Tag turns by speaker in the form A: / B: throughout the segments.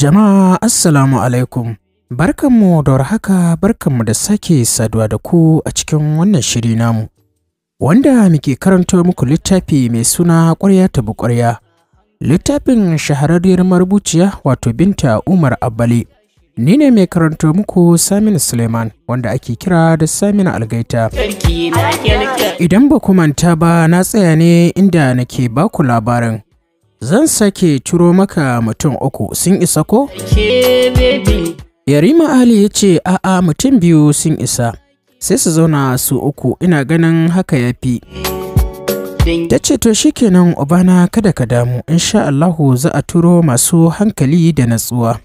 A: Jama'a Assalamu alaikum. Barkanmu da haka barkanmu da sake saduwa da ku a cikin wannan shiri namu. Wanda muke karanta muku littafi mai suna ƙwarya ta buƙwarya, Littafin shahararriyar marubuciya wato Binta Umar Abbali. Ni ne mai karanta muku Saminu Suleiman wanda ake kira da Saminu Algaita. Idan ba ku manta ba na tsaya ne inda nake baku labarin. Zan sake turo maka mutum uku sun isa ko? Yarima Ali ya ce a'a mutum biyu sun isa sai su zauna su uku ina ganin haka ya fi. Ta ce to shi kenan ubana kada ka damu insha Allahu za a turo masu hankali da natsuwa.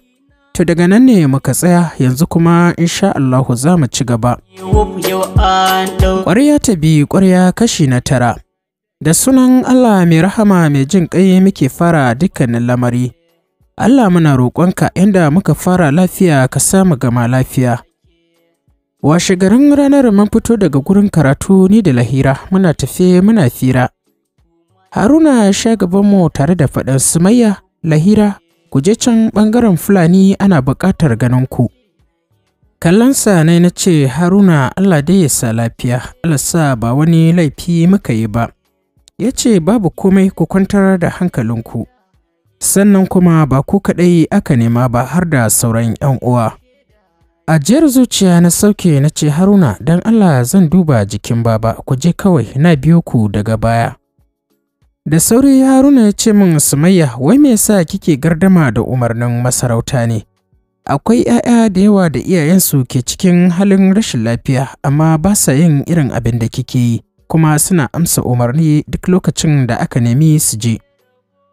A: To daga nan ne muka tsaya yanzu kuma insha Allahu za mu ci gaba. Ƙwarya ta bi ƙwarya kashi na tara. Da sunan Allah mai rahama mai jin ƙai muke fara dukkanin lamari. Allah muna roƙonka inda muka fara lafiya ka mu gama lafiya. Washe garin ranar mun fito daga gurin karatu ni da lahira muna tafe muna fira. Haruna sha gabanmu tare da faɗin sumayya lahira Kuje can ɓangaren Fulani ana buƙatar ganin ku. Kallonsa ne na ce Haruna Allah dai ya sa lafiya, Allah sa ba wani laifi muka yi ba. ya ce babu komai ku kwantar da hankalinku sannan kuma ba ku kaɗai aka nema ba har da sauran 'yan uwa ajiyar zuciya na sauke na ce haruna don allah zan duba jikin baba ku je kawai na biyo ku daga baya da sauri haruna ya ce min sumayya wai me sa kike gardama da umarnin masarauta ne akwai 'ya'ya da yawa da iyayensu ke cikin halin rashin lafiya amma ba sa yin irin abin da kike yi kuma suna amsa umarni duk lokacin da aka nemi su je.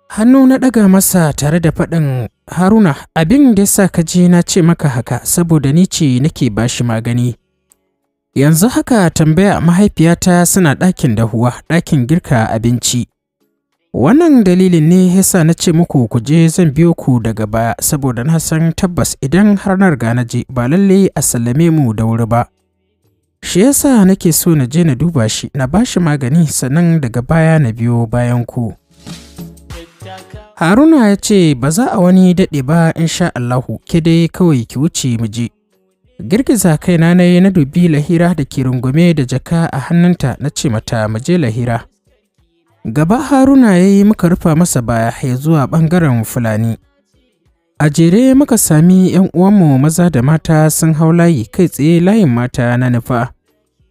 A: Hannu na ɗaga masa tare da faɗin Haruna abin da yasa ka je na ce maka haka saboda ni ce nake bashi magani. Yanzu haka tambaya mahaifiyata suna ɗakin dahuwa ɗakin girka abinci. Wannan dalilin ne yasa na ce muku ku je zan biyo ku daga baya saboda na san tabbas idan har na riga na je ba lallai a sallame mu da wuri ba. shi yasa nake so na je na duba shi na ba shi magani sannan daga baya na biyo bayan ku haruna ya ce ba za a wani daɗe ba in sha allahu ke dai kawai ki wuce mu je girgiza kaina na yi na dubi lahira da ke rungume da jaka a hannunta na ce mata mu je lahira gaba haruna ya yi muka rufa masa baya ya zuwa ɓangaren fulani a jere muka sami 'yan uwanmu maza da mata sun hau layi kai tsaye layin mata na nufa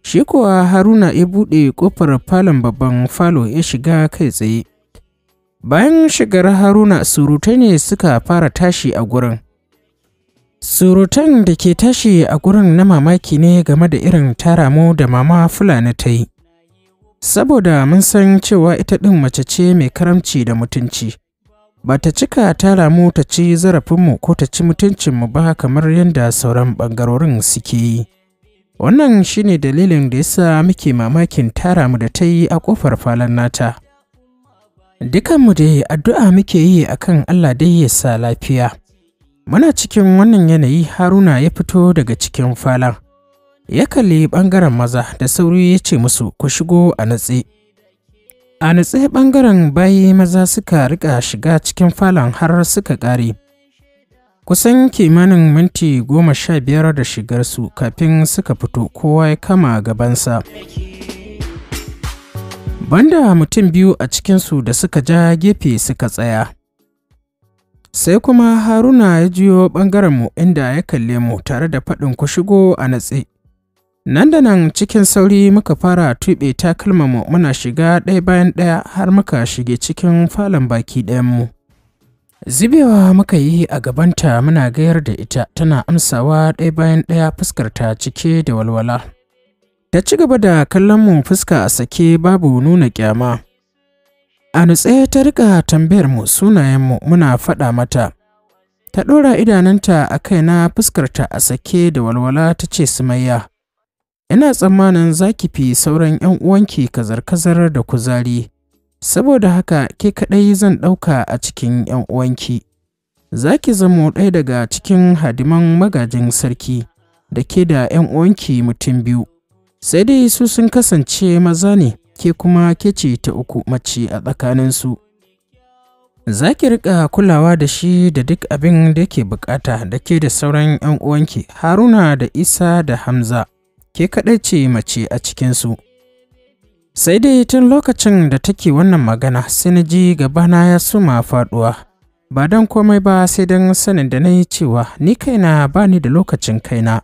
A: shi kuwa haruna ya buɗe kofar falon babban falo ya shiga kai tsaye bayan shigar haruna surutai ne suka fara tashi a gurin surutan da ke tashi a gurin na mamaki ne game da irin tara da mama fulani ta yi saboda mun san cewa ita ɗin mace ce mai karamci da mutunci ba ta cika tara mu ta ci zarafinmu ko ta ci mutuncinmu ba kamar yadda sauran ɓangarorin suke yi. Wannan shine dalilin da yasa muke mamakin tara mu da ta yi a ƙofar falon nata. Dukanmu dai addu'a muke yi a kan Allah dai ya sa lafiya. Muna cikin wannan yanayi Haruna ya fito daga cikin falon. Ya kalli ɓangaren maza da sauri ya ce musu ku shigo a natse. a natse ɓangaren bayi maza suka riƙa shiga cikin falon har suka ƙare kusan kimanin minti goma sha biyar da shigarsu kafin suka fito kowa ya kama gabansa banda mutum biyu a cikinsu da suka ja gefe suka tsaya sai kuma haruna ya jiyo ɓangaren mu inda ya kalle mu tare da faɗin ku shigo a natse Nan da nan cikin sauri muka fara tuɓe takalmanmu muna shiga ɗaya bayan ɗaya har muka shige cikin falon baki ɗayanmu. Zubewa muka yi a gabanta muna gayar da ita tana amsawa ɗaya bayan ɗaya fuskarta cike da walwala. Ta ci gaba da kallon mu fuska a sake babu nuna kyama. A nutse ta rika tambayar mu sunayenmu muna faɗa mata. Ta ɗora idanunta a kaina fuskarta a sake da walwala ta ce sumayya. Ina tsammanin za ki fi sauran 'yan uwanki kazar-kazar da kuzari, saboda haka ke kaɗai zan ɗauka a cikin 'yan uwanki. Za ki zamo ɗaya daga cikin hadiman magajin sarki da ke da 'yan uwanki mutum biyu, sai dai su sun kasance maza ne, ke kuma ke ce ta uku mace a tsakaninsu. Za ki riƙa kulawa da shi da duk abin da ke bukata da ke da sauran 'yan uwanki Haruna da Isa da Hamza. ke kaɗai ce mace a cikinsu. Sai dai tun lokacin da take wannan magana sai na ji gabana ya suma faɗuwa. Ba don komai ba sai don sanin da na yi cewa ni kaina ba ni da lokacin kaina.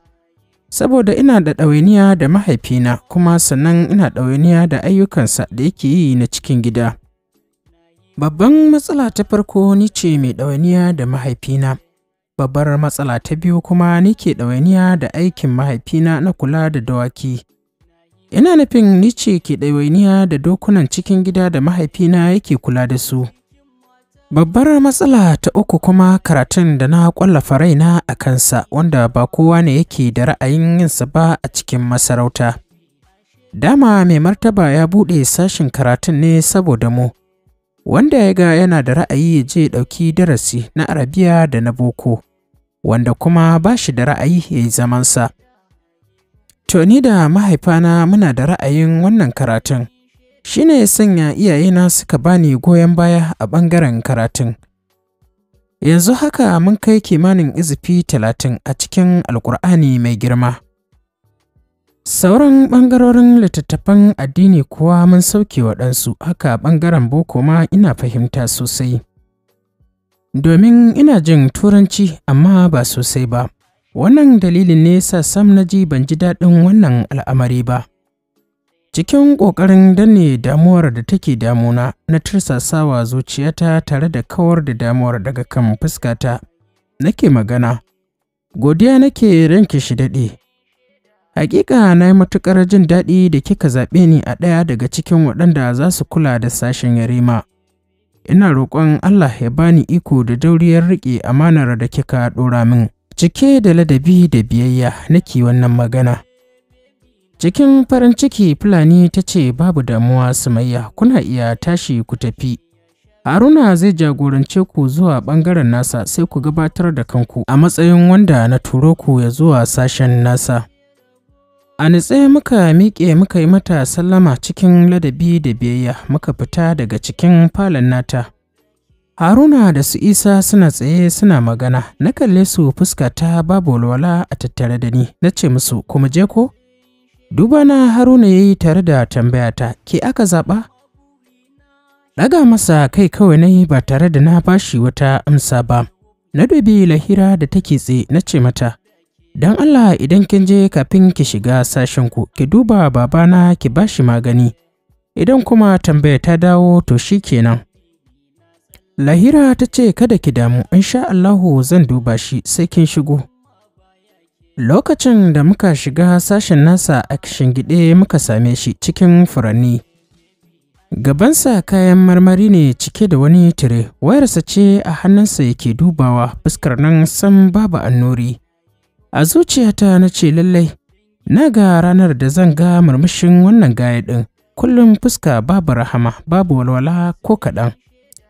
A: Saboda ina da ɗawainiya da mahaifina kuma sannan ina ɗawainiya da ayyukansa da yake yi na cikin gida. Babban matsala ta farko ni ce mai ɗawainiya da mahaifina. Babbar matsala ta biyu kuma ni ke ɗawainiya da aikin mahaifina na kula da dawaki. Ina nufin ni ce ke ɗawainiya da dokunan cikin gida da mahaifina yake kula da su. Babbar matsala ta uku kuma karatun da na ƙwallafa raina a kansa wanda ba kowa ne yake da ra'ayin yinsa ba a cikin masarauta. Dama mai martaba ya buɗe sashin karatun ne saboda mu. Wanda ya ga yana da ra'ayi ya je ɗauki darasi na Arabiya da na Boko. wanda kuma ba shi da ra'ayi ya yi zamansa. To ni da mahaifana muna da ra'ayin wannan karatun, shi ne sanya iyayena suka bani goyon baya a ɓangaren karatun. Yanzu haka mun kai kimanin izifi talatin a cikin Alƙur'ani mai girma. Sauran ɓangarorin littattafan addini kuwa mun sauke waɗansu haka ɓangaren boko ma ina fahimta sosai. domin ina jin turanci amma ba sosai ba. Wannan dalilin ne sa sam na ji ban ji daɗin wannan al'amari ba. Cikin ƙoƙarin danne damuwar da take damuna na tursasawa zuciyata tare da kawar da damuwar daga kan fuskata, nake magana. Godiya nake ranke shi daɗe. Hakika na yi matuƙar jin daɗi da kika zaɓe ni a ɗaya daga cikin waɗanda za su kula da sashen yarima. ina roƙon Allah ya bani iko da dauriyar riƙe amanar da kika ɗora min. Cike da ladabi da biyayya nake wannan magana. Cikin farin ciki Fulani ta ce babu damuwa Sumayya kuna iya tashi ku tafi. Haruna zai jagorance ku zuwa ɓangaren nasa sai ku gabatar da kanku a matsayin wanda na turo ku ya zuwa sashen nasa. A nitse muka miƙe muka yi mata sallama cikin ladabi da biyayya muka fita daga cikin falon nata. Haruna da su Isa suna tsaye suna magana, na kalle su fuska ta babu walwala a tattare da ni, na ce musu kuma je ko? Duba na Haruna ya yi tare da tambayata, ke aka zaɓa? Ɗaga masa kai kawai na yi ba tare da na bashi wata amsa ba. Na dubi Lahira da take tse, na ce mata, don Allah idan kin je kafin ki shiga sashen ku ki duba babana ki bashi magani idan kuma tambaya ta dawo to shi kenan. Lahira ta ce kada ki damu insha Allahu zan duba shi sai kin shigo. Lokacin da muka shiga sashen nasa a gide muka same shi cikin furanni. Gabansa kayan marmari ne cike da wani tire, wayarsa ce a hannunsa yake dubawa fuskar nan san babu annori. a zuciyata na ce lallai na ga ranar da zan ga murmushin wannan gaya ɗin kullum fuska babu rahama babu walwala ko kaɗan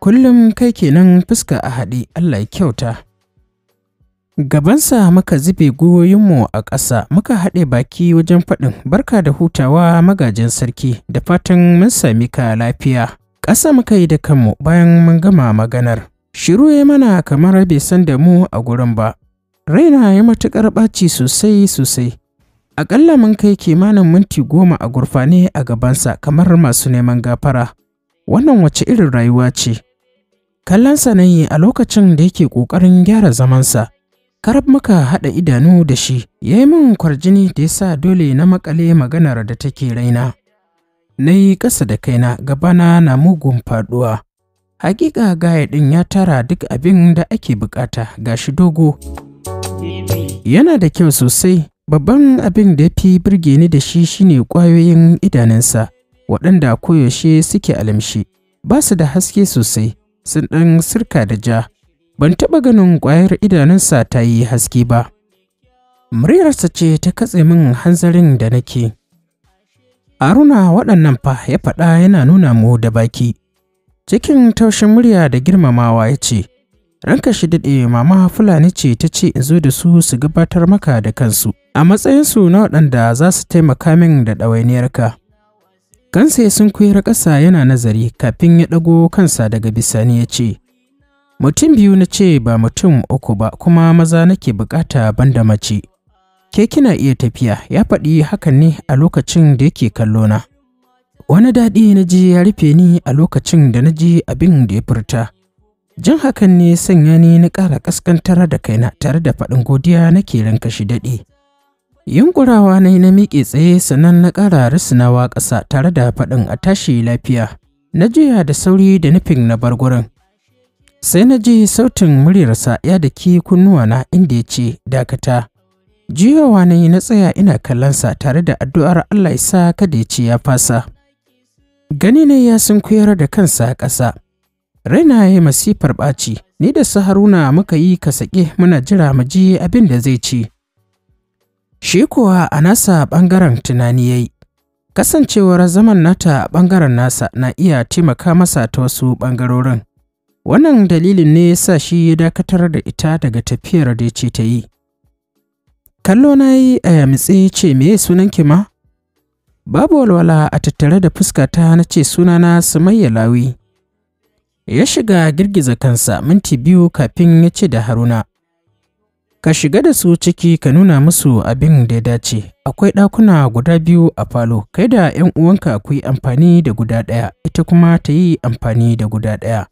A: kullum kai kenan fuska a haɗi, allah ya kyauta gabansa muka zube goyonmu a ƙasa muka haɗe baki wajen faɗin barka da hutawa magajin sarki da fatan mun sami ka lafiya ƙasa muka yi da kanmu bayan mun gama maganar shiru ya mana kamar bai san da mu a gurin ba raina ya matuƙar ɓaci sosai sosai aƙalla mun kai kimanin minti goma a gurfane a gabansa kamar masu neman gafara wannan wace irin rayuwa ce Kallon na yi a lokacin da yake ƙoƙarin gyara zamansa karab muka haɗa idanu da shi ya yi min kwarjini da ya sa dole na maƙale maganar da take raina na yi ƙasa da kaina gabana na mugun faɗuwa hakika gaya ɗin ya tara duk abin da ake bukata gashi dogo Yana da kyau sosai, babban abin da ya fi birge ni da shi shine ƙwayoyin idanunsa, waɗanda koyaushe suke alamshi, ba su da haske sosai, sun ɗan sirka da ja. Ban taɓa ganin ƙwayar idanunsa ta yi haske ba. Muryarsa ce ta katse min hanzarin da nake. Haruna waɗannan fa ya faɗa yana nuna mu da baki. Cikin taushin murya da girmamawa ya ce, ranka shi daɗe mama fulani ce ta ce in zo da su su gabatar maka da kansu a matsayinsu na waɗanda za su taimaka min da ka kansa ya sun kuyar ƙasa yana nazari kafin ya ɗago kansa daga bisani ya ce mutum biyu na ce ba mutum uku ba kuma maza nake bukata banda mace ke kina iya tafiya ya faɗi hakan ne a lokacin da yake kallo na wani daɗi na ji ya rufe ni a lokacin da na ji abin da ya furta Jin hakan ne sanya ni na ƙara ƙaskantar da kaina tare da faɗin godiya nake ranka shi daɗe. Yunkurawa na yi na miƙe tsaye sannan na ƙara risinawa ƙasa tare da faɗin a tashi lafiya. Na jiya da sauri da nufin na bar gurin. Sai na ji sautin muryarsa ya da ki kunnuwana inda ya ce dakata. Juyawa na yi na tsaya ina kallon sa, tare da addu'ar Allah ya sa kada ya ce ya fasa. Gani ne ya kuyar da kansa ƙasa. Raina ya yi masifar ɓaci, ni da su Haruna muka yi ka saƙe muna jira mu ji abin da zai ci. Shi kuwa a nasa ɓangaren tunani ya yi, kasancewar zaman nata ɓangaren nasa na iya taimaka masa ta wasu ɓangarorin. Wannan dalilin ne sa shi ya dakatar da ita daga tafiyar da ce ta yi. Kallo na yi a yamitse ce me sunan ki ma? Babu walwala a tattare da fuskata na ce sunana Sumayya Lawi. ya shiga girgiza kansa minti biyu kafin ya ce da haruna ka shiga da su ciki ka nuna musu abin da ya dace akwai ɗakuna guda biyu a falo kai da 'yan uwanka ku yi amfani da guda ɗaya ita kuma ta yi amfani da guda ɗaya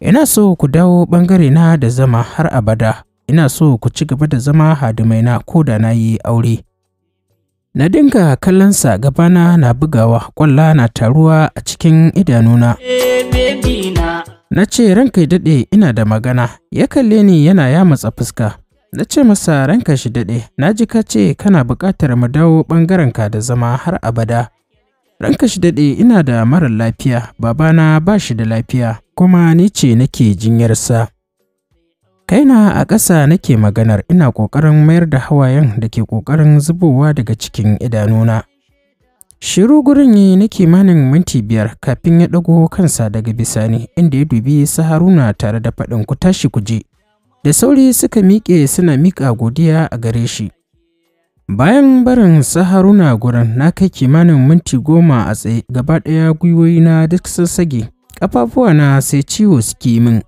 A: ina so ku dawo ɓangare na da zama har abada ina so ku ci gaba da zama hadimaina ko da na yi aure Na dinga kallonsa gabana na bugawa kwalla na taruwa a cikin idanuna. Na ce ranka ya daɗe ina da magana, ya kalle ni yana yamatsa fuska. Na ce masa ranka shi daɗe, na ji ka ce kana buƙatar mu dawo ɓangarenka da zama har abada. Ranka shi daɗe ina da mara lafiya, babana ba shi da lafiya, kuma ni ce nake jinyarsa. Kaina a ƙasa nake maganar ina ƙoƙarin mayar da hawayen da ke ƙoƙarin zubowa daga cikin idanuna. Shiru gurin yi na kimanin minti biyar kafin ya ɗago kansa daga bisani inda ya dubi su Haruna tare da faɗin ku tashi ku je. Da sauri suka miƙe suna miƙa godiya a gare shi. Bayan barin su Haruna gurin na kai kimanin minti goma a tsaye gaba ɗaya gwiwoyina duk sassage, ƙafafuwana sai ciwo suke min.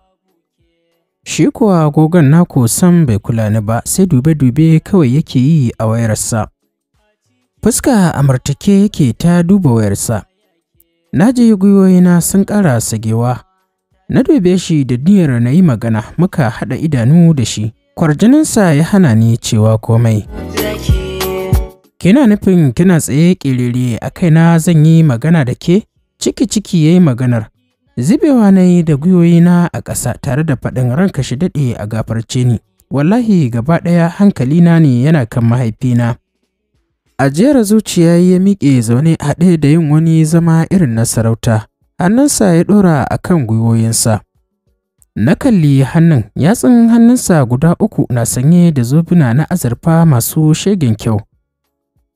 A: Shi kuwa agogon naku sam bai kula ni ba sai dube-dube kawai yake yi a wayarsa. Fuska a martake yake ta duba wayarsa. Na je gwiwoyina sun ƙara sagewa. Na dube shi da niyyar na yi magana muka haɗa idanu da shi. Kwarjininsa ya hana ni cewa komai. Kina nufin kina tsaye ƙirere a kaina zan yi magana da ke? Ciki-ciki ya yi maganar. zubewa na yi da gwiwoyina a ƙasa tare da faɗin ranka shi daɗe a gafarce ni wallahi gaba ɗaya hankali na ne yana kan mahaifina ajiyar zuciya ya miƙe zaune haɗe da yin wani zama irin na sarauta hannunsa ya ɗora a kan gwiwoyinsa na kalli hannun yatsun hannunsa guda uku na sanye da zobuna na azurfa masu shegen kyau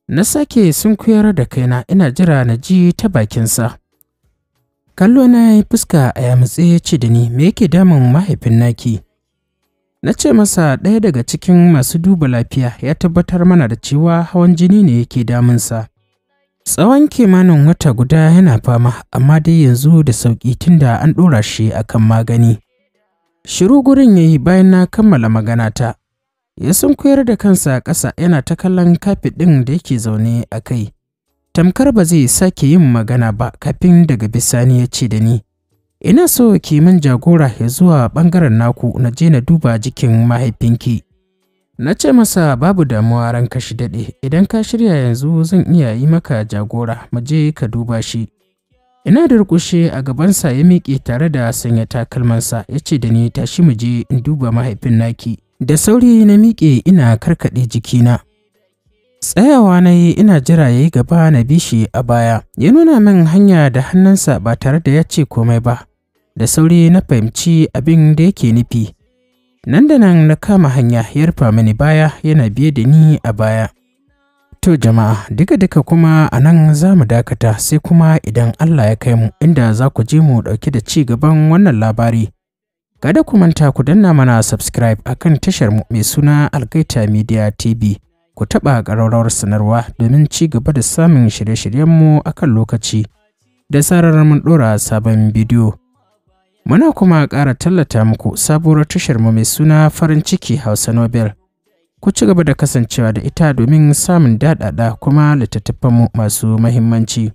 A: na sake sunkuyar da kaina ina jira na ji ta bakinsa kallo na ya yi fuska a yamutse ya ce da ni me yake damun mahaifin naki na ce masa ɗaya daga cikin masu duba lafiya ya tabbatar mana da cewa hawan jini ne yake damunsa tsawon kimanin wata guda yana fama amma dai yanzu da sauƙi tunda an ɗora shi akan magani shiru gurin ya yi bayan na kammala magana ta ya sunkuyar da kansa ƙasa yana ta kallon kafet ɗin da yake zaune a kai tamkar ba zai sake yin magana ba kafin daga bisani ya ce da ni ina so ki min jagora ya zuwa ɓangaren naku na je na duba jikin mahaifinki na ce masa babu damuwa ran kashi daɗe idan ka shirya yanzu zan iya yi maka jagora mu je ka duba shi ina da rukushe a gabansa ya miƙe tare da sanya takalmansa ya ce da ni tashi mu je in duba mahaifin naki da sauri na miƙe ina karkaɗe jikina Tsayawa na yi ina jira ya yi gaba na bi shi a baya, ya nuna min hanya da hannunsa ba tare da ya ce komai ba, da sauri na fahimci abin da yake nufi. Nan da nan na kama hanya ya rufa mini baya yana biye da ni a baya. To jama'a, duka-duka kuma a nan za mu dakata sai kuma idan Allah ya kai mu inda za ku je mu ɗauki da ci gaban wannan labari. Kada ku manta ku danna mana subscribe akan tashar mu mai suna Algaita Media TV. ku taɓa ƙararrawar sanarwa domin ci gaba da samun shirye-shiryenmu a kan lokaci da sararar mun ɗora sabon bidiyo. Muna kuma ƙara tallata muku sabuwar tashar mu mai suna farin ciki Hausa Nobel. Ku ci gaba da kasancewa da ita domin samun daɗaɗa kuma littattafanmu masu mahimmanci.